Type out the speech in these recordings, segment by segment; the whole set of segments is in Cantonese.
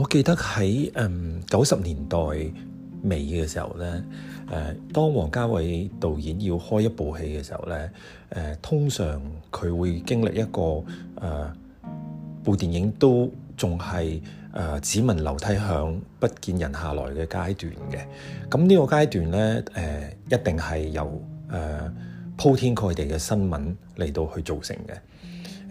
我記得喺誒九十年代尾嘅時候咧，誒當王家衛導演要開一部戲嘅時候咧，誒、呃、通常佢會經歷一個誒、呃、部電影都仲係誒只聞樓梯響，不見人下來嘅階段嘅。咁呢個階段咧，誒、呃、一定係由誒、呃、鋪天蓋地嘅新聞嚟到去造成嘅。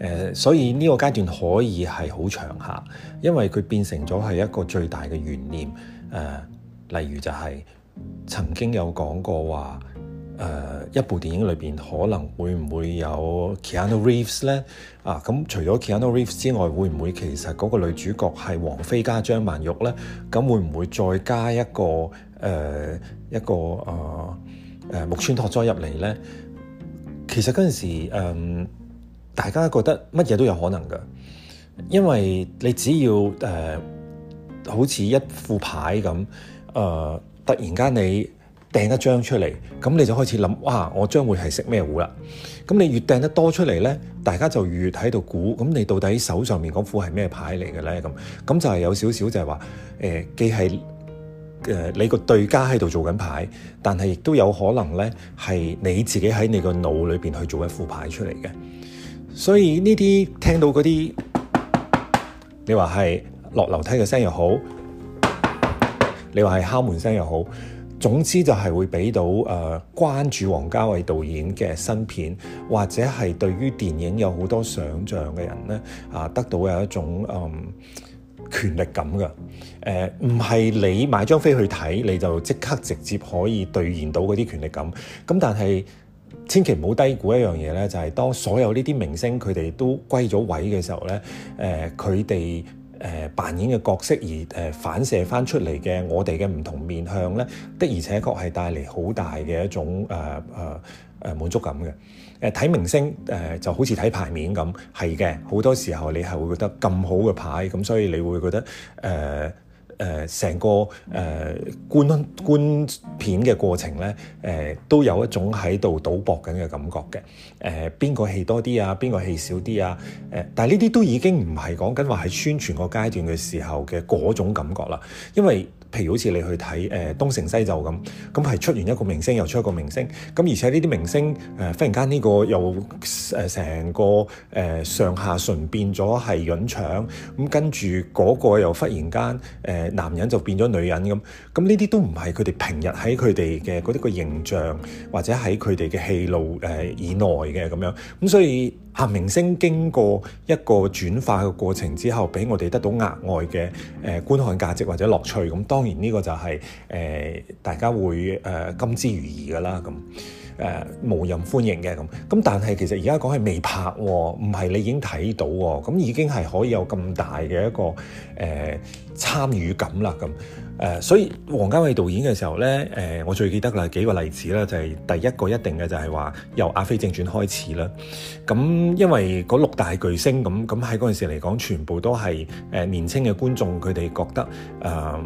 誒、呃，所以呢個階段可以係好長下，因為佢變成咗係一個最大嘅懸念。誒、呃，例如就係曾經有講過話，誒、呃、一部電影裏邊可能會唔會有 Keanu Reeves 咧？啊，咁、嗯、除咗 Keanu Reeves 之外，會唔會其實嗰個女主角係王菲加張曼玉咧？咁、嗯、會唔會再加一個誒、呃、一個誒、呃呃、木村拓哉入嚟咧？其實嗰陣時大家覺得乜嘢都有可能嘅，因為你只要誒、呃、好似一副牌咁，誒、呃、突然間你掟一張出嚟，咁你就開始諗，哇！我將會係食咩糊啦？咁你越掟得多出嚟咧，大家就越喺度估，咁你到底手上面嗰副係咩牌嚟嘅咧？咁咁就係有少少就係話，誒、呃、既係誒、呃、你個對家喺度做緊牌，但係亦都有可能咧係你自己喺你個腦裏邊去做一副牌出嚟嘅。所以呢啲聽到嗰啲，你話係落樓梯嘅聲又好，你話係敲門聲又好，總之就係會俾到誒、呃、關注王家衛導演嘅新片，或者係對於電影有好多想像嘅人咧，啊得到有一種嗯權力感㗎。誒唔係你買張飛去睇你就即刻直接可以兌現到嗰啲權力感，咁但係。千祈唔好低估一樣嘢咧，就係、是、當所有呢啲明星佢哋都歸咗位嘅時候咧，誒佢哋誒扮演嘅角色而誒反射翻出嚟嘅我哋嘅唔同面向咧，的而且確係帶嚟好大嘅一種誒誒誒滿足感嘅。誒、呃、睇明星誒、呃、就好似睇牌面咁，係嘅，好多時候你係會覺得咁好嘅牌，咁所以你會覺得誒。呃誒成、呃、個誒、呃、觀觀片嘅過程咧，誒、呃、都有一種喺度賭博緊嘅感覺嘅。誒邊個戲多啲啊？邊個戲少啲啊？誒、呃、但係呢啲都已經唔係講緊話喺宣傳個階段嘅時候嘅嗰種感覺啦，因為。譬如好似你去睇誒、呃、東成西就咁，咁、嗯、係出現一個明星又出一個明星，咁、嗯、而且呢啲明星誒、呃、忽然間呢個又誒成、呃、個誒、呃、上下唇變咗係潤腸，咁跟住嗰個又忽然間誒、呃、男人就變咗女人咁，咁呢啲都唔係佢哋平日喺佢哋嘅嗰啲個形象或者喺佢哋嘅戲路誒以內嘅咁樣，咁、嗯、所以。啊！明星經過一個轉化嘅過程之後，俾我哋得到額外嘅誒觀看價值或者樂趣，咁當然呢個就係、是、誒、呃、大家會誒甘之如飴嘅啦，咁、呃、誒、呃、無人歡迎嘅咁。咁但係其實而家講係未拍喎，唔係你已經睇到喎，咁已經係可以有咁大嘅一個誒參與感啦咁。誒、呃，所以王家衛導演嘅時候咧，誒、呃，我最記得啦，幾個例子啦，就係、是、第一個一定嘅就係話由《阿飛正傳》開始啦。咁因為嗰六大巨星咁，咁喺嗰陣時嚟講，全部都係誒、呃、年輕嘅觀眾，佢哋覺得誒唔、呃、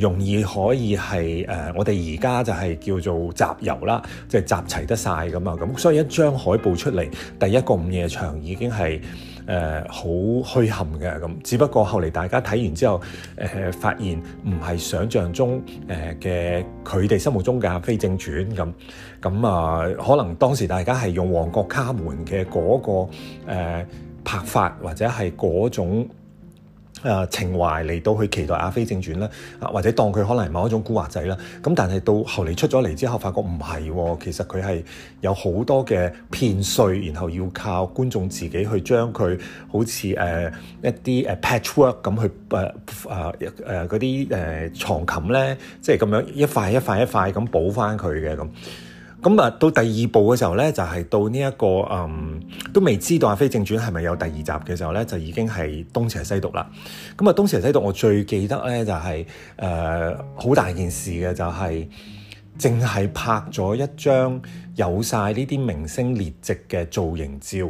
容易可以係誒、呃、我哋而家就係叫做集郵啦，即、就、係、是、集齊得晒。咁啊，咁所以一張海報出嚟，第一個午夜場已經係。誒好虛憾嘅咁，只不過後嚟大家睇完之後，誒、呃、發現唔係想象中誒嘅佢哋心目中嘅《非正傳》咁、呃，咁啊可能當時大家係用《旺角卡門、那個》嘅嗰個誒拍法或者係嗰種。誒、呃、情懷嚟到去期待《阿飛正傳》啦，啊或者當佢可能係某一種古惑仔啦，咁但係到後嚟出咗嚟之後，發覺唔係喎，其實佢係有好多嘅片碎，然後要靠觀眾自己去將佢好似誒、呃、一啲誒 patchwork 咁去誒誒誒嗰啲誒藏琴咧，即係咁樣一塊一塊一塊咁補翻佢嘅咁。咁啊，到第二部嘅時候呢就係、係、到呢、呢、一個嗯都未知道阿飛正傳係咪有第二集嘅時候呢就已經係東邪西毒啦。咁、嗯、啊，東邪西毒我最記得呢就係誒好大件事嘅就係淨係拍咗一張有晒呢啲明星列席嘅造型照。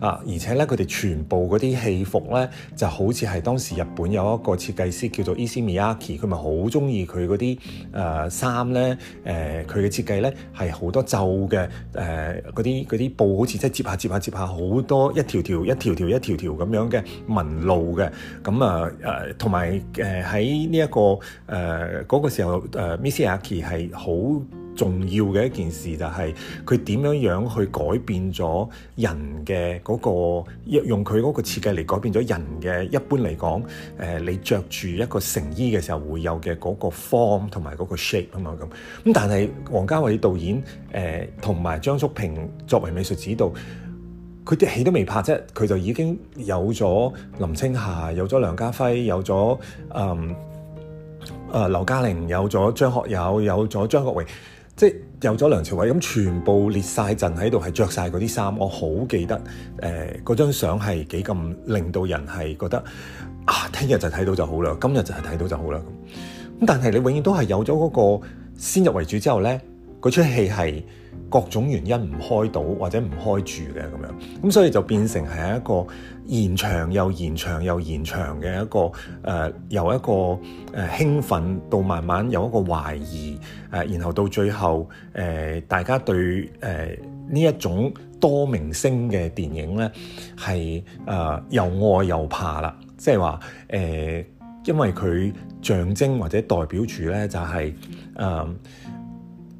啊！而且咧，佢哋全部嗰啲戲服咧，就好似係當時日本有一個設計師叫做 Issey Miyake，佢咪好中意佢嗰啲誒衫咧？誒佢嘅設計咧係、呃、好多皺嘅誒嗰啲啲布，好似即係接下接下接下好多一條條一條條一條條咁樣嘅紋路嘅。咁啊誒，同埋誒喺呢一個誒嗰、呃那個時候誒，Issey Miyake 係好，呃重要嘅一件事就係佢點樣樣去改變咗人嘅嗰、那個用佢嗰個設計嚟改變咗人嘅一般嚟講，誒、呃、你着住一個成衣嘅時候會有嘅嗰個 form 同埋嗰個 shape 啊嘛咁，咁但係王家衛導演誒同埋張叔平作為美術指導，佢啲戲都未拍啫，佢就已經有咗林青霞，有咗梁家輝，有咗嗯誒、呃、劉嘉玲，有咗張學友，有咗張國榮。即係有咗梁朝偉咁，全部列晒陣喺度，係着晒嗰啲衫。我好記得誒，嗰、呃、張相係幾咁令到人係覺得啊，聽日就睇到就好啦，今日就係睇到就好啦。咁但係你永遠都係有咗嗰個先入為主之後咧，嗰出戲係各種原因唔開到或者唔開住嘅咁樣，咁所以就變成係一個。延長又延長又延長嘅一個誒、呃，由一個誒、呃、興奮到慢慢有一個懷疑誒、呃，然後到最後誒、呃，大家對誒呢、呃、一種多明星嘅電影咧，係誒、呃、又愛又怕啦，即係話誒，因為佢象徵或者代表住咧，就係、是、誒、呃、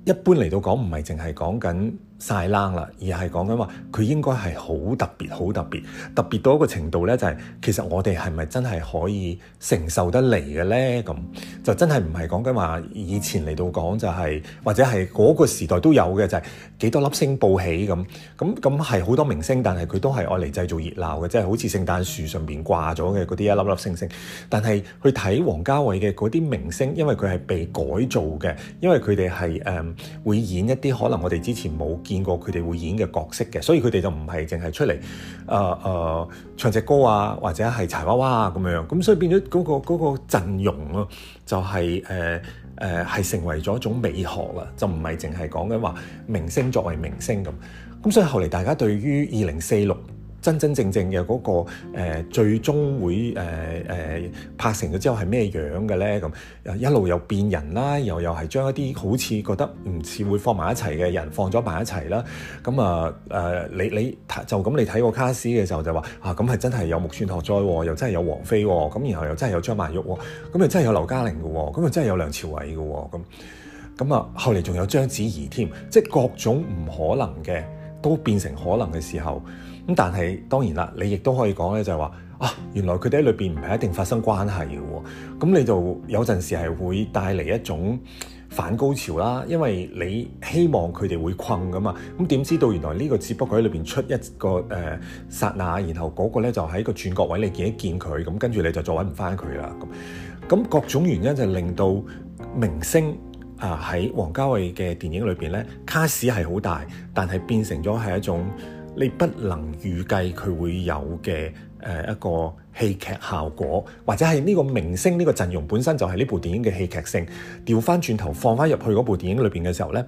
一般嚟到講，唔係淨係講緊，晒冷啦，而係講緊話佢應該係好特別，好特別，特別到一個程度呢，就係、是、其實我哋係咪真係可以承受得嚟嘅呢？咁就真係唔係講緊話以前嚟到講就係、是、或者係嗰個時代都有嘅，就係、是、幾多粒星報起咁咁咁係好多明星，但係佢都係愛嚟製造熱鬧嘅，即係好似聖誕樹上邊掛咗嘅嗰啲一粒粒星星。但係去睇王家衛嘅嗰啲明星，因為佢係被改造嘅，因為佢哋係誒會演一啲可能我哋之前冇見過佢哋會演嘅角色嘅，所以佢哋就唔係淨係出嚟誒誒唱隻歌啊，或者係柴娃娃啊咁樣。咁所以變咗嗰個嗰個陣容咯，就係誒誒係成為咗一種美學啦，就唔係淨係講緊話明星作為明星咁。咁所以後嚟大家對於二零四六。真真正正嘅嗰、那個、呃、最終會誒誒、呃呃、拍成咗之後係咩樣嘅咧？咁一路又變人啦，又又係將一啲好似覺得唔似會放埋一齊嘅人放咗埋一齊啦。咁啊誒，你你就咁你睇過卡士嘅時候就話啊，咁係真係有木村拓哉、哦，又真係有王菲、哦，咁然後又真係有張曼玉、哦，咁又真係有劉嘉玲嘅、哦，咁又真係有梁朝偉嘅、哦，咁咁啊後嚟仲有章子怡添，即係各種唔可能嘅都變成可能嘅時候。咁但係當然啦，你亦都可以講咧，就係、是、話啊，原來佢哋喺裏邊唔係一定發生關係嘅喎。咁你就有陣時係會帶嚟一種反高潮啦，因為你希望佢哋會困噶嘛。咁、嗯、點知道原來呢個只不過喺裏邊出一個誒剎、呃、那，然後嗰個咧就喺個轉角位你見一見佢，咁跟住你就再揾唔翻佢啦。咁、嗯嗯、各種原因就令到明星啊喺王家衛嘅電影裏邊咧，卡士係好大，但係變成咗係一種。你不能預計佢會有嘅誒、呃、一個戲劇效果，或者係呢個明星呢個陣容本身就係呢部電影嘅戲劇性。調翻轉頭放翻入去嗰部電影裏邊嘅時候呢，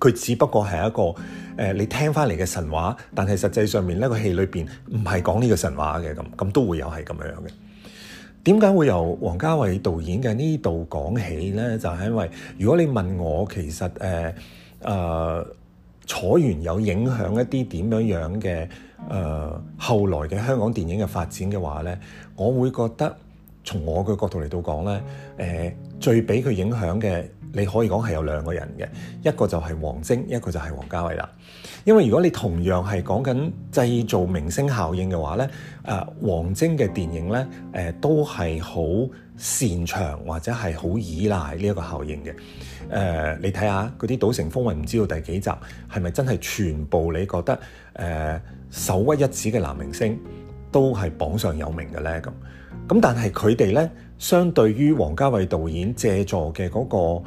佢只不過係一個誒、呃、你聽翻嚟嘅神話，但係實際上面呢個戲裏邊唔係講呢個神話嘅，咁咁都會有係咁樣嘅。點解會由王家衛導演嘅呢度講起呢？就係、是、因為如果你問我，其實誒誒。呃呃楚原有影響一啲點樣樣嘅誒後來嘅香港電影嘅發展嘅話呢，我會覺得從我嘅角度嚟到講呢，誒、呃、最俾佢影響嘅，你可以講係有兩個人嘅，一個就係王晶，一個就係王家衛啦。因為如果你同樣係講緊製造明星效應嘅話呢，誒、呃、王晶嘅電影呢，誒、呃、都係好擅長或者係好依賴呢一個效應嘅，誒、呃，你睇下嗰啲《賭城風雲》唔知道第幾集，係咪真係全部你覺得誒首、呃、屈一指嘅男明星都係榜上有名嘅呢？咁咁，但係佢哋呢，相對於王家衛導演借助嘅嗰個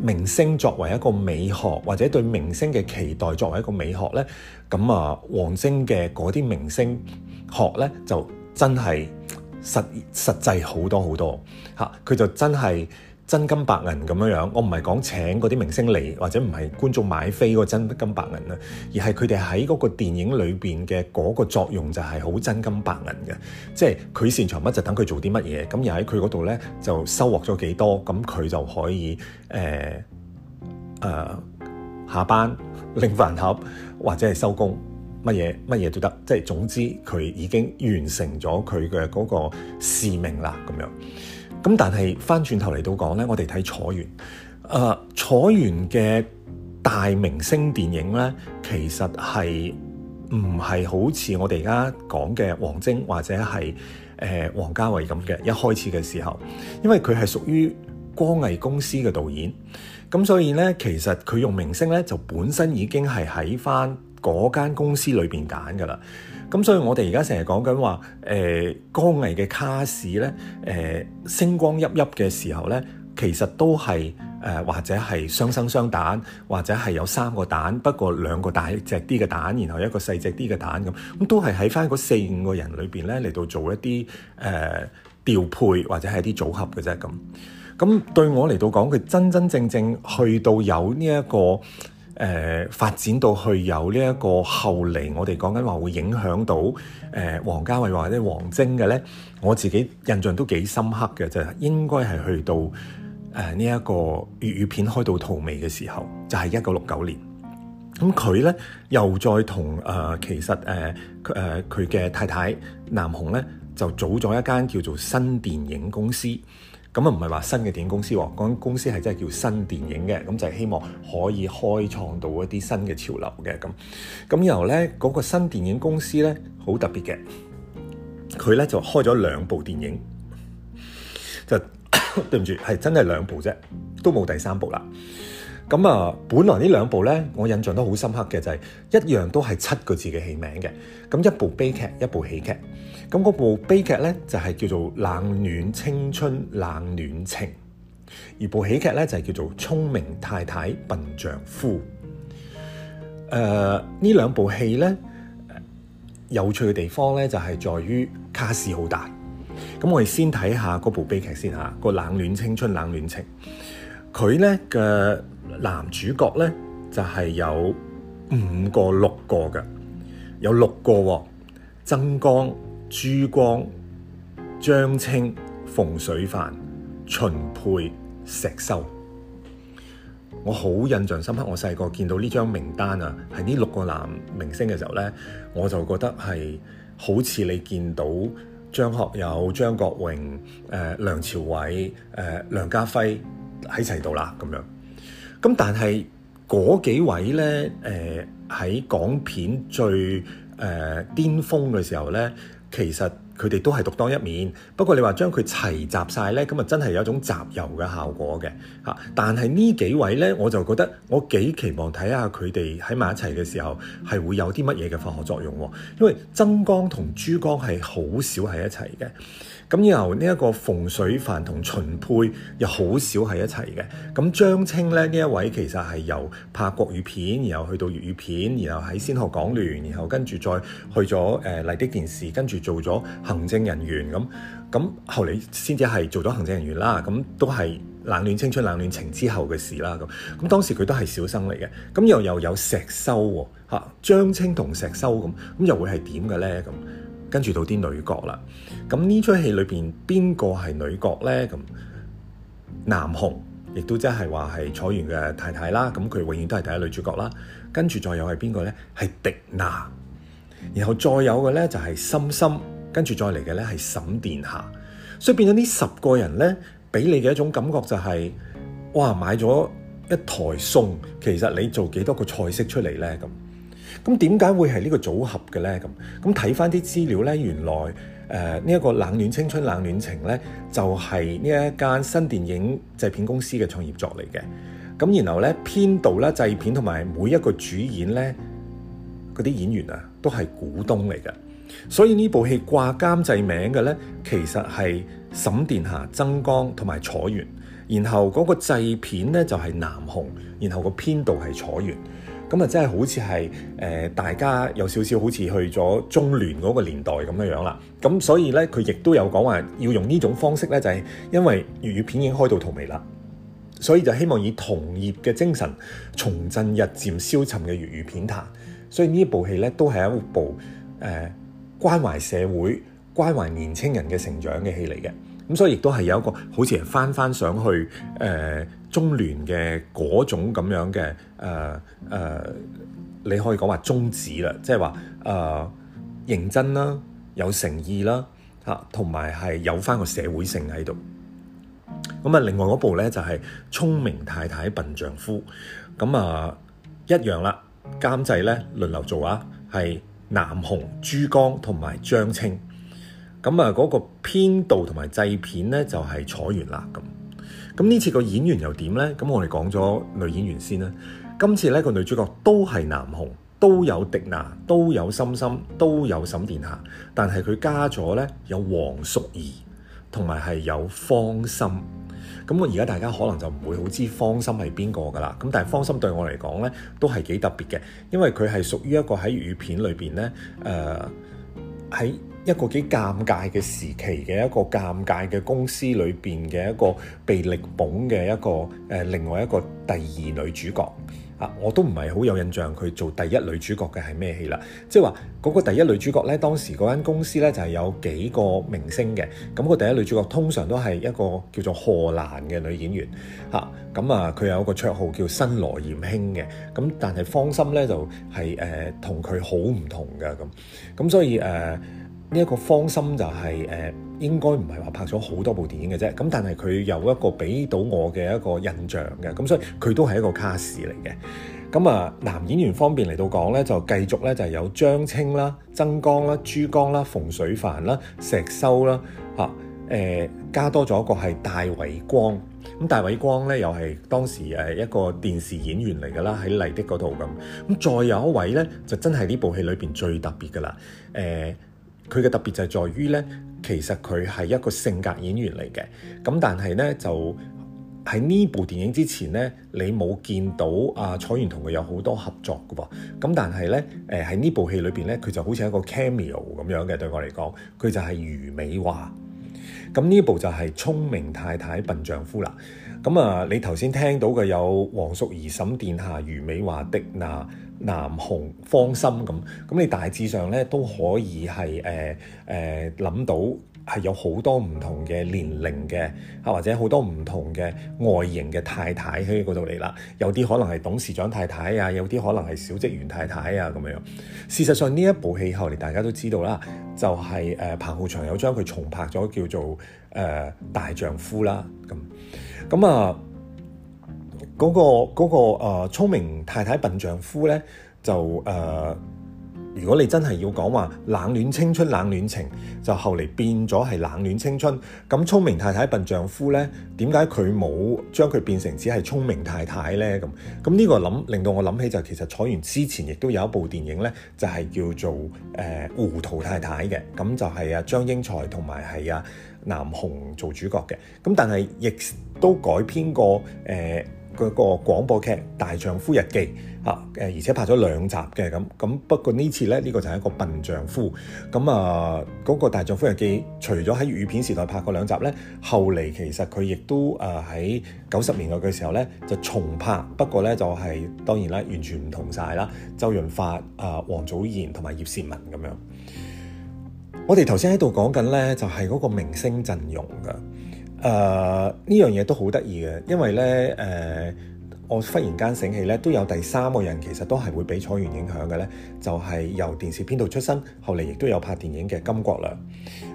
明星作為一個美學或者對明星嘅期待作為一個美學呢，咁啊，王晶嘅嗰啲明星學呢，就真係。實實際好多好多嚇，佢、啊、就真係真金白銀咁樣樣。我唔係講請嗰啲明星嚟，或者唔係觀眾買飛個真金白銀啦，而係佢哋喺嗰個電影裏邊嘅嗰個作用就係好真金白銀嘅。即係佢擅長乜就等佢做啲乜嘢，咁又喺佢嗰度咧就收穫咗幾多，咁佢就可以誒誒、呃呃、下班拎飯盒或者係收工。乜嘢乜嘢都得，即係總之佢已經完成咗佢嘅嗰個使命啦咁樣。咁但係翻轉頭嚟到講咧，我哋睇楚原，誒、呃、楚原嘅大明星電影咧，其實係唔係好似我哋而家講嘅王晶或者係誒王家衛咁嘅，一開始嘅時候，因為佢係屬於光藝公司嘅導演，咁所以咧其實佢用明星咧就本身已經係喺翻。嗰間公司裏邊揀㗎啦，咁所以我哋而家成日講緊話，誒、呃、光藝嘅卡士咧，誒、呃、星光熠熠嘅時候咧，其實都係誒、呃、或者係雙生雙蛋，或者係有三個蛋，不過兩個大隻啲嘅蛋，然後一個細隻啲嘅蛋咁，咁都係喺返嗰四五個人裏邊咧嚟到做一啲誒、呃、調配或者係啲組合嘅啫咁。咁對我嚟到講，佢真真正正去到有呢、這、一個。誒、呃、發展到去有呢、這、一個後嚟，我哋講緊話會影響到誒王、呃、家衛或者王晶嘅咧，我自己印象都幾深刻嘅就係、是、應該係去到誒呢一個粵語片開到荼蘼嘅時候，就係一九六九年。咁佢咧又再同誒、呃、其實誒誒佢嘅太太南紅咧就組咗一間叫做新電影公司。咁啊，唔係話新嘅電影公司喎，嗰間公司係真係叫新電影嘅，咁就係希望可以開創到一啲新嘅潮流嘅咁。咁由咧嗰個新電影公司咧，好特別嘅，佢咧就開咗兩部電影，就 對唔住，係真係兩部啫，都冇第三部啦。咁啊，本來呢兩部咧，我印象都好深刻嘅，就係一樣都係七個字嘅戲名嘅，咁一部悲劇，一部喜劇。咁嗰部悲劇咧就係、是、叫做《冷暖青春冷暖情》，而部喜劇咧就係、是、叫做《聰明太太笨丈夫》。誒、呃，呢兩部戲咧有趣嘅地方咧就係、是、在於卡士好大。咁我哋先睇下嗰部悲劇先吓，《個冷暖青春冷暖情》，佢咧嘅男主角咧就係、是、有五個六個嘅，有六個哦，曾江、珠光、張清、馮淬帆、秦沛、石修，我好印象深刻。我細個見到呢張名單啊，係呢六個男明星嘅時候咧，我就覺得係好似你見到張學友、張國榮、誒、呃、梁朝偉、誒、呃、梁家輝喺齊度啦咁樣。咁但係嗰幾位咧，誒喺港片最誒巔、呃、峰嘅時候咧。其實佢哋都係獨當一面，不過你話將佢齊集晒呢，咁啊真係有一種集郵嘅效果嘅嚇。但係呢幾位呢，我就覺得我幾期望睇下佢哋喺埋一齊嘅時候係會有啲乜嘢嘅化學作用，因為增光同珠江係好少喺一齊嘅。咁然後一呢一個馮淬帆同秦沛又好少喺一齊嘅，咁張清咧呢一位其實係由拍國語片，然後去到粵語片，然後喺先學港聯，然後跟住再去咗誒、呃、麗的電視，跟住做咗行政人員咁，咁後嚟先至係做咗行政人員啦，咁都係《冷暖青春》、《冷暖情》之後嘅事啦，咁咁當時佢都係小生嚟嘅，咁又又有石修喎、哦，嚇、啊、張清同石修咁，咁又會係點嘅咧咁？跟住到啲女角啦，咁呢齣戲裏邊邊個係女角呢？咁南紅亦都即係話係楚原嘅太太啦，咁佢永遠都係第一女主角啦。跟住再有係邊個呢？係迪娜，然後再有嘅呢就係心心，跟住再嚟嘅呢係沈殿霞。所以變咗呢十個人呢，俾你嘅一種感覺就係、是，「哇！買咗一台 𩠌，其實你做幾多個菜式出嚟呢？」咁。咁點解會係呢個組合嘅呢？咁咁睇翻啲資料呢，原來誒呢一個冷暖青春冷暖情呢，就係、是、呢一間新電影製片公司嘅創業作嚟嘅。咁然後呢，編導啦，製片同埋每一個主演呢，嗰啲演員啊，都係股東嚟嘅。所以呢部戲掛監製名嘅呢，其實係沈殿霞、曾光同埋楚原。然後嗰個製片呢，就係、是、南紅，然後個編導係楚原。咁啊，真係好似係誒，大家有少少好似去咗中聯嗰個年代咁嘅樣啦。咁所以呢，佢亦都有講話要用呢種方式呢，就係、是、因為粵語片已經開到荼蘼啦，所以就希望以同業嘅精神重振日漸消沉嘅粵語片壇。所以呢部戲呢，都係一部誒、呃、關懷社會、關懷年青人嘅成長嘅戲嚟嘅。咁所以亦都係有一個好似係翻翻上去誒、呃、中聯嘅嗰種咁樣嘅。誒誒，uh, uh, 你可以講話宗旨啦，即係話誒認真啦，有誠意啦，吓同埋係有翻個社會性喺度。咁啊，另外嗰部咧就係《聰明太太笨丈夫》，咁啊一樣啦，監製咧輪流做啊，係南紅、朱江同埋張清。咁啊，嗰、那個編導同埋製片咧就係楚原啦。咁咁呢次個演員又點咧？咁我哋講咗女演員先啦。今次呢個女主角都係南紅，都有迪娜，都有心心，都有沈殿霞，但係佢加咗呢，有黃淑儀，同埋係有方心。咁我而家大家可能就唔會好知方心係邊個噶啦。咁但係方心對我嚟講呢，都係幾特別嘅，因為佢係屬於一個喺粵語片裏邊呢，誒、呃、喺一個幾尷尬嘅時期嘅一個尷尬嘅公司裏邊嘅一個被力捧嘅一個誒、呃、另外一個第二女主角。啊！我都唔係好有印象佢做第一女主角嘅係咩戲啦，即係話嗰個第一女主角呢，當時嗰間公司呢，就係、是、有幾個明星嘅，咁、那個第一女主角通常都係一個叫做賀蘭嘅女演員嚇，咁啊佢有個綽號叫新羅艷卿嘅，咁但係芳心呢，就係、是、誒、呃、同佢好唔同嘅咁，咁所以誒。呃呢一個芳心就係、是、誒、呃，應該唔係話拍咗好多部電影嘅啫。咁但係佢有一個俾到我嘅一個印象嘅，咁、嗯、所以佢都係一個卡士嚟嘅。咁、嗯、啊，男演員方面嚟到講呢，就繼續呢，就係有張清啦、曾江啦、朱江啦、馮淬帆啦、石修啦吓，誒、啊呃，加多咗一個係戴偉光。咁、嗯、戴偉光呢，又係當時誒一個電視演員嚟噶啦，喺麗的嗰度咁。咁、嗯、再有一位呢，就真係呢部戲裏邊最特別噶啦誒。呃佢嘅特別就係在於咧，其實佢係一個性格演員嚟嘅，咁但係咧就喺呢部電影之前咧，你冇見到阿楚原同佢有好多合作嘅噃，咁但係咧誒喺呢、呃、部戲裏邊咧，佢就好似一個 cameo 咁樣嘅，對我嚟講，佢就係余美華。咁呢部就係《聰明太太笨丈夫》啦。咁啊，你頭先聽到嘅有黃淑儀、沈殿下、余美華的那。南紅、方心咁。咁你大致上咧都可以係誒誒諗到係有好多唔同嘅年齡嘅啊，或者好多唔同嘅外形嘅太太喺嗰度嚟啦。有啲可能係董事長太太啊，有啲可能係小職員太太啊咁樣。事實上呢一部戲後嚟大家都知道啦，就係、是、誒、呃、彭浩翔有將佢重拍咗叫做誒、呃、大丈夫啦。咁咁啊～嗰、那個嗰、那個、呃、聰明太太笨丈夫咧，就誒、呃，如果你真係要講話冷暖青春冷暖情，就後嚟變咗係冷暖青春。咁聰明太太笨丈夫咧，點解佢冇將佢變成只係聰明太太咧？咁咁呢個諗令到我諗起就是、其實楚原之前亦都有一部電影咧，就係、是、叫做誒糊塗太太嘅。咁就係啊張英才同埋係啊南紅做主角嘅。咁但係亦都改編過誒。呃嗰個廣播劇《大丈夫日記》啊，誒，而且拍咗兩集嘅咁咁。不過次呢次咧，呢、這個就係一個笨丈夫。咁啊，嗰、那個《大丈夫日記》除咗喺粵語片時代拍過兩集咧，後嚟其實佢亦都誒喺九十年代嘅時候咧，就重拍。不過咧，就係、是、當然啦，完全唔同晒啦。周潤發、啊，王祖賢同埋葉倩文咁樣。我哋頭先喺度講緊咧，就係嗰個明星陣容噶。誒呢、呃、樣嘢都好得意嘅，因為呢，誒、呃，我忽然間醒起呢都有第三個人其實都係會俾楚原影響嘅，呢就係、是、由電視編導出身，後嚟亦都有拍電影嘅金國亮。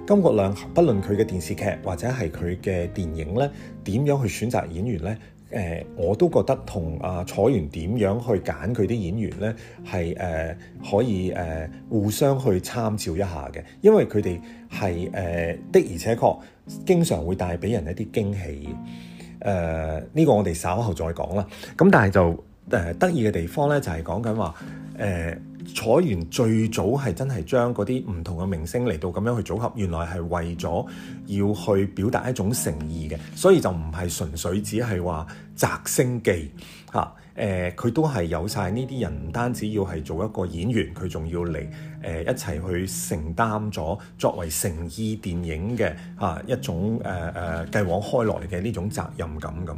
金國亮，不論佢嘅電視劇或者係佢嘅電影呢，點樣去選擇演員呢？誒、呃，我都覺得同阿楚原點樣去揀佢啲演員呢，係誒、呃、可以誒、呃、互相去參照一下嘅，因為佢哋係誒的而且確。經常會帶俾人一啲驚喜，誒、呃、呢、這個我哋稍後再講啦。咁但係就誒、呃、得意嘅地方咧，就係講緊話誒，楚、呃、原最早係真係將嗰啲唔同嘅明星嚟到咁樣去組合，原來係為咗要去表達一種誠意嘅，所以就唔係純粹只係話擇星記嚇。誒、啊，佢、呃、都係有晒呢啲人，唔單止要係做一個演員，佢仲要嚟。誒、呃、一齊去承擔咗作為誠意電影嘅嚇、啊、一種誒誒、呃啊、繼往開來嘅呢種責任感咁。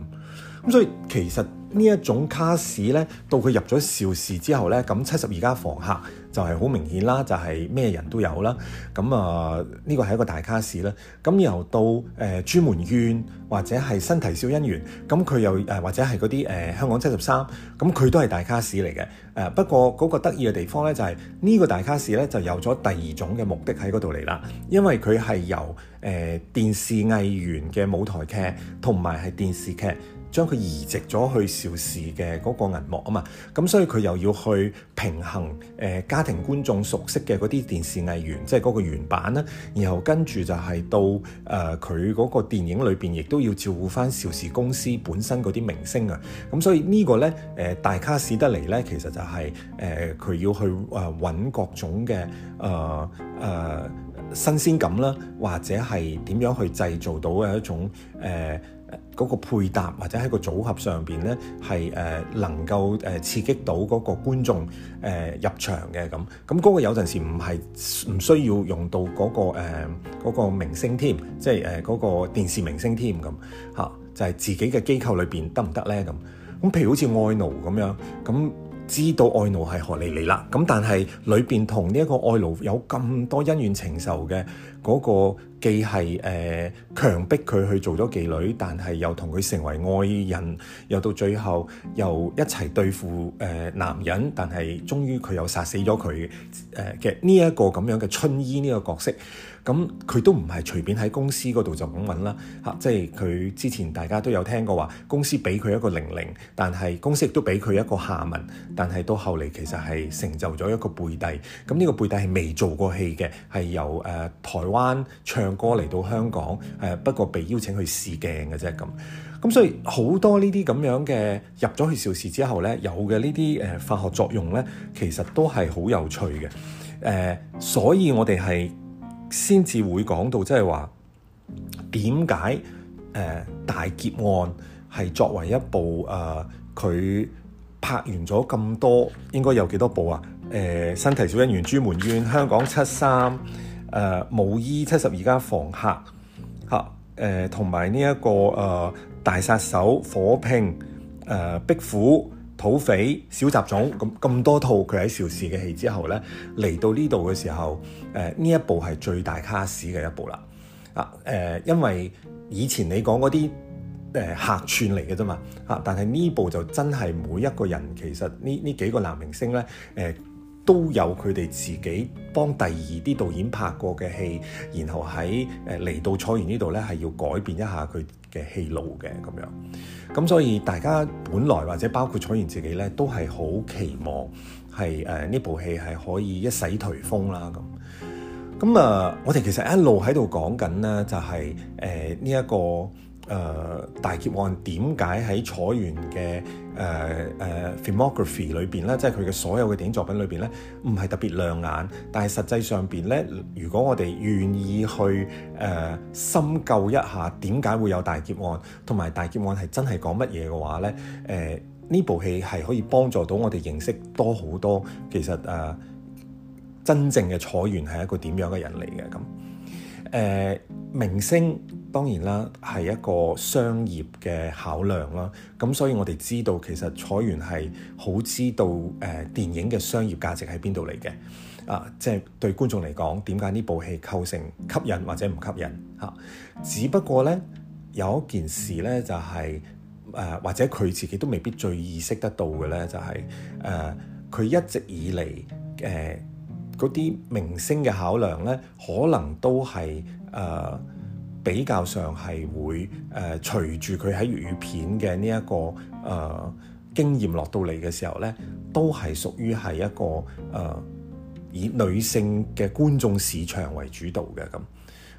嗯、所以其實呢一種卡士咧，到佢入咗邵氏之後咧，咁七十二家房客就係好明顯啦，就係、是、咩人都有啦。咁啊，呢個係一個大卡士啦。咁由到誒朱、呃、門怨或者係新啼笑因緣，咁佢又誒、呃、或者係嗰啲誒香港七十三，咁佢都係大卡士嚟嘅。誒、呃、不過嗰個得意嘅地方咧，就係、是、呢個大卡士咧就有咗第二種嘅目的喺嗰度嚟啦，因為佢係由誒、呃、電視藝員嘅舞台劇同埋係電視劇。將佢移植咗去邵氏嘅嗰個銀幕啊嘛，咁所以佢又要去平衡誒、呃、家庭觀眾熟悉嘅嗰啲電視藝員，即係嗰個原版啦。然後跟住就係到誒佢嗰個電影裏邊，亦都要照顧返邵氏公司本身嗰啲明星啊。咁所以個呢個咧誒大卡士得嚟咧，其實就係誒佢要去誒揾、呃、各種嘅誒誒新鮮感啦，或者係點樣去製造到嘅一種誒。呃嗰個配搭或者喺個組合上邊呢，係誒、呃、能夠誒、呃、刺激到嗰個觀眾、呃、入場嘅咁。咁嗰個有陣時唔係唔需要用到嗰、那個誒、呃那個、明星添，即係誒嗰個電視明星添咁嚇，就係、是、自己嘅機構裏邊得唔得呢？咁，咁譬如好似愛奴咁樣，咁知道愛奴係何莉莉啦。咁但係裏邊同呢一個愛奴有咁多恩怨情仇嘅嗰個。既係誒、呃、強迫佢去做咗妓女，但係又同佢成為愛人，又到最後又一齊對付誒、呃、男人，但係終於佢又殺死咗佢誒嘅呢一個咁樣嘅春衣呢個角色。咁佢都唔係隨便喺公司嗰度就咁揾啦嚇，即係佢之前大家都有聽過話公司俾佢一個零零，但係公司亦都俾佢一個下文，但係到後嚟其實係成就咗一個貝蒂。咁呢個貝蒂係未做過戲嘅，係由誒、呃、台灣唱歌嚟到香港誒、呃，不過被邀請去試鏡嘅啫。咁咁所以好多呢啲咁樣嘅入咗去邵氏之後咧，有嘅呢啲誒化學作用咧，其實都係好有趣嘅誒、呃，所以我哋係。先至會講到，即係話點解誒大劫案係作為一部誒佢、呃、拍完咗咁多，應該有幾多部啊？誒、呃、新啼笑因緣朱門怨、香港七三誒無依七十二家房客嚇誒，同埋呢一個誒、呃、大殺手火拼、誒逼虎。呃土匪小雜種，咁咁多套佢喺邵氏嘅戲之後咧，嚟到呢度嘅時候，誒、呃、呢一部係最大卡士嘅一部啦。啊誒、呃，因為以前你講嗰啲誒客串嚟嘅啫嘛，啊但係呢部就真係每一個人其實呢呢幾個男明星咧，誒、呃、都有佢哋自己幫第二啲導演拍過嘅戲，然後喺誒嚟到楚原呢度咧係要改變一下佢。嘅戲路嘅咁樣，咁所以大家本來或者包括楚原自己咧，都係好期望係誒呢部戲係可以一洗頹風啦咁。咁啊、呃，我哋其實一路喺度講緊啦，就係誒呢一個，誒、呃、大劫案點解喺楚原嘅誒誒、呃、filmography、呃、裏邊咧，即係佢嘅所有嘅電影作品裏邊咧，唔係特別亮眼。但係實際上邊咧，如果我哋願意去誒、呃、深究一下點解會有大劫案，同埋大劫案係真係講乜嘢嘅話咧，誒、呃、呢部戲係可以幫助到我哋認識多好多其實誒、呃、真正嘅楚原係一個點樣嘅人嚟嘅咁，誒明星。當然啦，係一個商業嘅考量啦。咁所以我哋知道其實楚原係好知道誒、呃、電影嘅商業價值喺邊度嚟嘅啊，即、就、係、是、對觀眾嚟講點解呢部戲構成吸引或者唔吸引嚇、啊。只不過呢，有一件事呢，就係、是、誒、呃，或者佢自己都未必最意識得到嘅呢，就係誒佢一直以嚟誒嗰啲明星嘅考量呢，可能都係誒。呃比較上係會誒、呃、隨住佢喺粵語片嘅、這個呃、呢一個誒經驗落到嚟嘅時候咧，都係屬於係一個誒以女性嘅觀眾市場為主導嘅咁。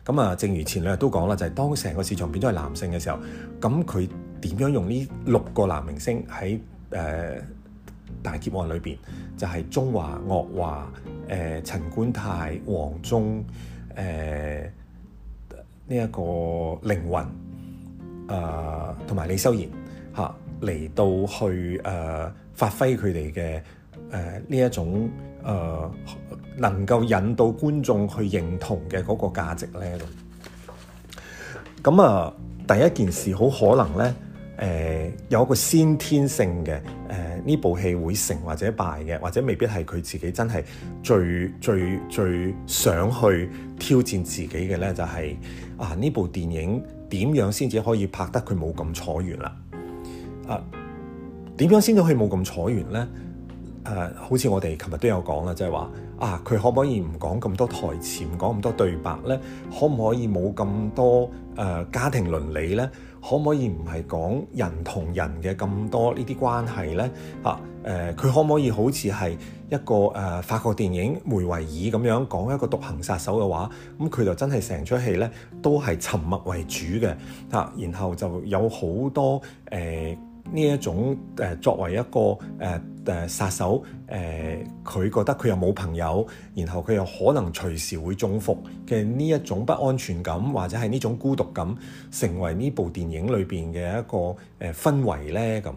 咁啊，正如前兩日都講啦，就係、是、當成個市場變咗係男性嘅時候，咁佢點樣用呢六個男明星喺誒、呃、大劫案裏邊，就係、是、中華岳華、誒、呃、陳觀泰、黃宗誒。呃呢一個靈魂，誒同埋李修賢嚇嚟、啊、到去誒、呃、發揮佢哋嘅誒呢一種誒、呃、能夠引導觀眾去認同嘅嗰個價值咧，咁啊第一件事好可能咧。誒、呃、有一個先天性嘅誒呢部戲會成或者敗嘅，或者未必係佢自己真係最最最想去挑戰自己嘅咧，就係、是、啊呢部電影點樣先至可以拍得佢冇咁坐完啦、啊？啊點樣先至可以冇咁坐完咧？誒、呃，好似我哋琴日都有講啦，即係話啊，佢可唔可以唔講咁多台詞，唔講咁多對白咧？可唔可以冇咁多誒、呃、家庭倫理咧？可唔可以唔係講人同人嘅咁多呢啲關係咧？啊，誒、呃，佢可唔可以好似係一個誒、呃、法國電影梅維爾咁樣講一個獨行殺手嘅話？咁、嗯、佢就真係成出戲咧都係沉默為主嘅，嚇、啊，然後就有好多誒、呃呢一種誒作為一個誒誒殺手，誒、呃、佢覺得佢又冇朋友，然後佢又可能隨時會中伏嘅呢一種不安全感，或者係呢種孤獨感，成為呢部電影裏邊嘅一個誒、呃、氛圍咧咁。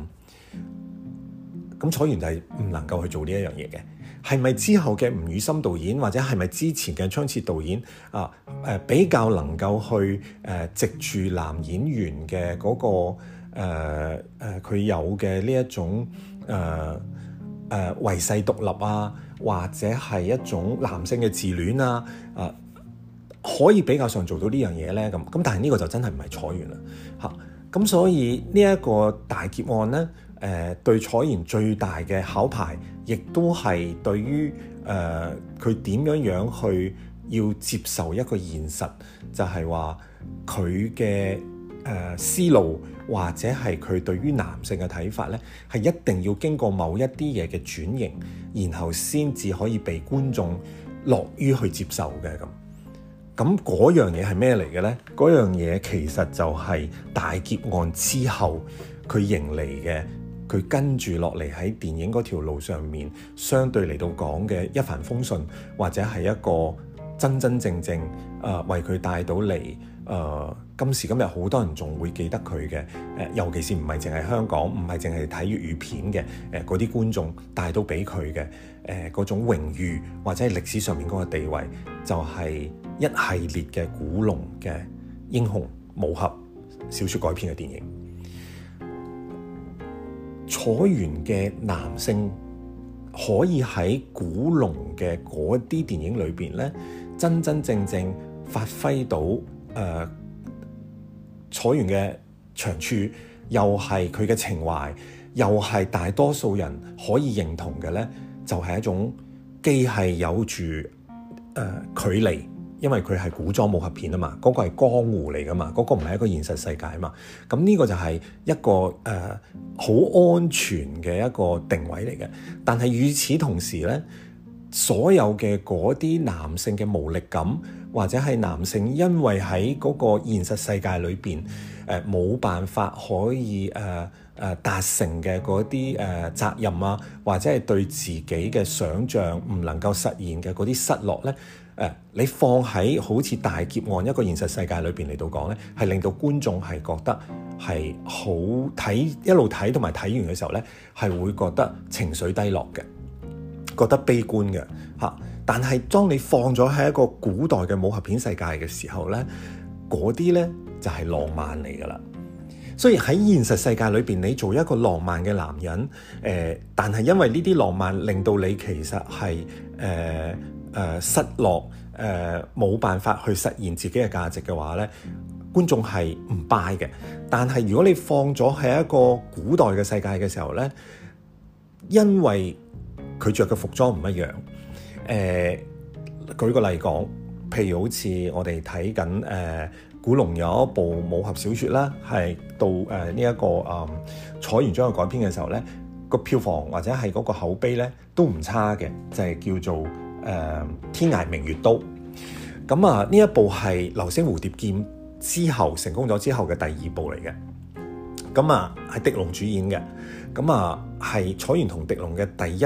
咁楚原就係唔能夠去做呢一樣嘢嘅，係咪之後嘅吳宇森導演，或者係咪之前嘅張徹導演啊？誒、呃、比較能夠去誒藉著男演員嘅嗰、那個。誒誒，佢、呃呃、有嘅呢一種誒誒、呃呃，遺世獨立啊，或者係一種男性嘅自戀啊，啊、呃，可以比較上做到呢樣嘢咧咁。咁但係呢個就真係唔係彩媛啦嚇。咁、啊、所以呢一、這個大劫案咧，誒、呃、對彩媛最大嘅考牌，亦都係對於誒佢點樣樣去要接受一個現實，就係話佢嘅。誒、呃、思路或者係佢對於男性嘅睇法呢，係一定要經過某一啲嘢嘅轉型，然後先至可以被觀眾樂於去接受嘅咁。咁嗰樣嘢係咩嚟嘅呢？樣嘢其實就係大劫案之後，佢迎嚟嘅，佢跟住落嚟喺電影嗰條路上面，相對嚟到講嘅一帆風順，或者係一個真真正正誒、呃、為佢帶到嚟。誒、呃、今時今日，好多人仲會記得佢嘅誒，尤其是唔係淨係香港，唔係淨係睇粵語片嘅誒嗰啲觀眾帶都，帶到俾佢嘅誒嗰種榮譽或者係歷史上面嗰個地位，就係、是、一系列嘅古龍嘅英雄武俠小説改編嘅電影。楚原嘅男性可以喺古龍嘅嗰啲電影裏邊咧，真真正正發揮到。誒、呃、楚原嘅長處，又係佢嘅情懷，又係大多數人可以認同嘅咧，就係、是、一種既係有住誒、呃、距離，因為佢係古裝武俠片啊嘛，嗰、那個係江湖嚟㗎嘛，嗰、那個唔係一個現實世界啊嘛，咁呢個就係一個誒好、呃、安全嘅一個定位嚟嘅。但係與此同時咧，所有嘅嗰啲男性嘅無力感。或者係男性，因為喺嗰個現實世界裏邊，誒、呃、冇辦法可以誒誒、呃呃、達成嘅嗰啲誒責任啊，或者係對自己嘅想像唔能夠實現嘅嗰啲失落咧，誒、呃、你放喺好似大劫案一個現實世界裏邊嚟到講咧，係令到觀眾係覺得係好睇一路睇同埋睇完嘅時候咧，係會覺得情緒低落嘅，覺得悲觀嘅，嚇。但係，當你放咗喺一個古代嘅武俠片世界嘅時候呢，嗰啲呢就係、是、浪漫嚟噶啦。所以喺現實世界裏邊，你做一個浪漫嘅男人，誒、呃，但係因為呢啲浪漫令到你其實係誒誒失落，誒、呃、冇辦法去實現自己嘅價值嘅話呢，觀眾係唔 buy 嘅。但係如果你放咗喺一個古代嘅世界嘅時候呢，因為佢着嘅服裝唔一樣。誒、呃、舉個例講，譬如好似我哋睇緊誒古龍有一部武俠小説啦，係到誒呢一個啊，楚原將佢改編嘅時候咧，個票房或者係嗰個口碑咧都唔差嘅，就係、是、叫做誒、呃《天涯明月刀》呃。咁啊，呢一部係《流星蝴蝶劍》之後成功咗之後嘅第二部嚟嘅。咁啊，係狄、嗯、龍主演嘅，咁啊係楚原同狄龍嘅第一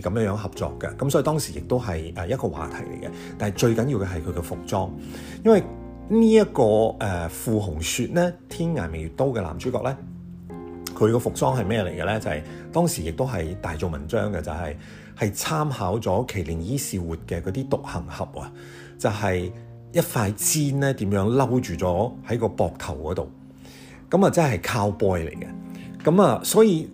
次咁樣樣合作嘅，咁、嗯、所以當時亦都係誒一個話題嚟嘅。但係最緊要嘅係佢嘅服裝，因為呢、這、一個誒、呃《傅紅雪》咧，《天涯明月刀》嘅男主角咧，佢嘅服裝係咩嚟嘅咧？就係、是、當時亦都係大做文章嘅，就係、是、係參考咗《奇連伊士活》嘅嗰啲獨行俠啊，就係、是、一塊氈咧點樣摟住咗喺個膊頭嗰度。咁啊，真係 cowboy 嚟嘅，咁啊，所以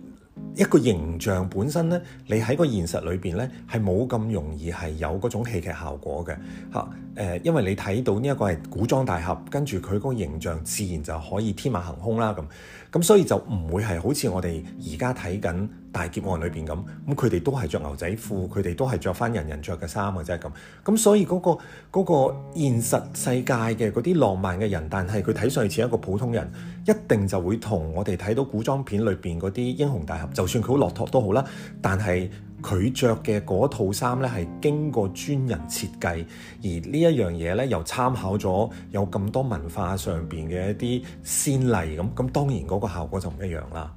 一個形象本身咧，你喺個現實裏邊咧，係冇咁容易係有嗰種戲劇效果嘅嚇。誒、啊，因為你睇到呢一個係古裝大俠，跟住佢嗰個形象，自然就可以天馬行空啦咁。咁所以就唔會係好似我哋而家睇緊。大劫案裏邊咁，咁佢哋都係着牛仔褲，佢哋都係着翻人人着嘅衫或者係咁，咁所以嗰個嗰個現實世界嘅嗰啲浪漫嘅人，但係佢睇上去似一個普通人，一定就會同我哋睇到古裝片裏邊嗰啲英雄大俠，就算佢好落拓都好啦，但係佢着嘅嗰套衫呢，係經過專人設計，而呢一樣嘢呢，又參考咗有咁多文化上邊嘅一啲先例咁，咁當然嗰個效果就唔一樣啦。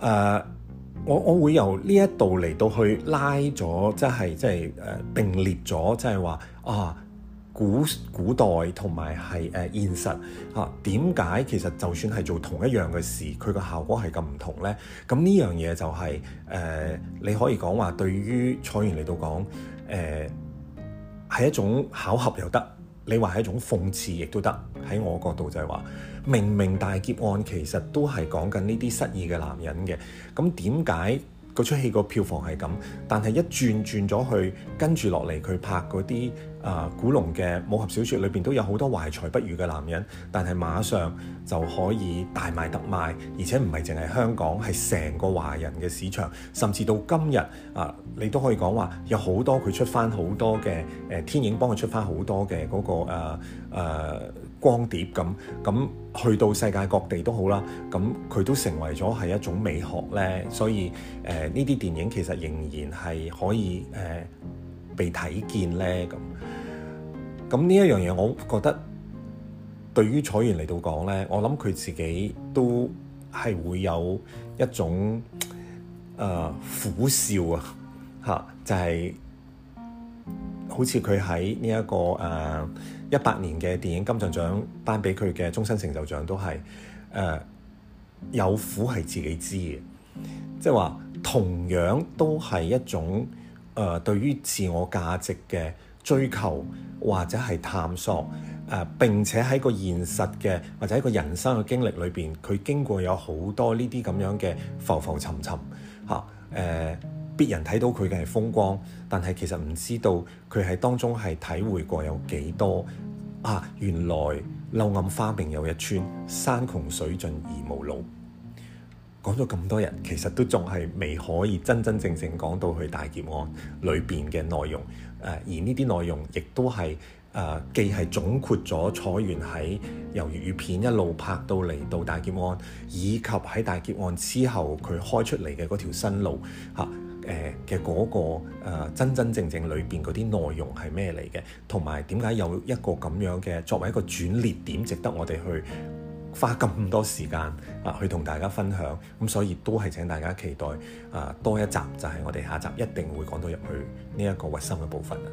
誒、uh。我我會由呢一度嚟到去拉咗，即係即係誒並列咗，即係話啊古古代同埋係誒現實嚇，點解其實就算係做同一樣嘅事，佢個效果係咁唔同咧？咁呢樣嘢就係、是、誒、呃、你可以講話對於楚原嚟到講誒係一種巧合又得，你話係一種諷刺亦都得。喺我角度就係話。明明大劫案其實都係講緊呢啲失意嘅男人嘅，咁點解嗰出戲個票房係咁？但係一轉轉咗去跟住落嚟，佢拍嗰啲啊古龍嘅武俠小説，裏邊都有好多懷才不遇嘅男人，但係馬上就可以大賣特賣，而且唔係淨係香港，係成個華人嘅市場，甚至到今日啊、呃，你都可以講話有好多佢出翻好多嘅誒、呃、天影幫佢出翻好多嘅嗰個誒、呃呃光碟咁咁去到世界各地都好啦，咁佢都成為咗係一種美學咧，所以誒呢啲電影其實仍然係可以誒、呃、被睇見咧咁。咁呢一樣嘢，我覺得對於楚原嚟到講咧，我諗佢自己都係會有一種誒、呃、苦笑啊，嚇就係、是、好似佢喺呢一個誒。呃一八年嘅電影金像獎頒俾佢嘅終身成就獎都係，誒、呃、有苦係自己知嘅，即係話同樣都係一種誒、呃、對於自我價值嘅追求或者係探索誒、呃，並且喺個現實嘅或者喺個人生嘅經歷裏邊，佢經過有好多呢啲咁樣嘅浮浮沉沉嚇誒。啊呃別人睇到佢嘅係風光，但係其實唔知道佢喺當中係體會過有幾多啊！原來柳暗花明又一村，山窮水盡而無路。講咗咁多日，其實都仲係未可以真真正正講到去《大劫案》裏邊嘅內容。誒、啊，而呢啲內容亦都係誒、啊，既係總括咗楚原喺由粵語片一路拍到嚟到《大劫案》，以及喺《大劫案》之後佢開出嚟嘅嗰條新路嚇。啊誒嘅嗰個、呃、真真正正裏邊嗰啲內容係咩嚟嘅？同埋點解有一個咁樣嘅作為一個轉捩點，值得我哋去花咁多時間啊、呃、去同大家分享。咁所以都係請大家期待啊、呃、多一集就係、是、我哋下集一定會講到入去呢一個核心嘅部分啊！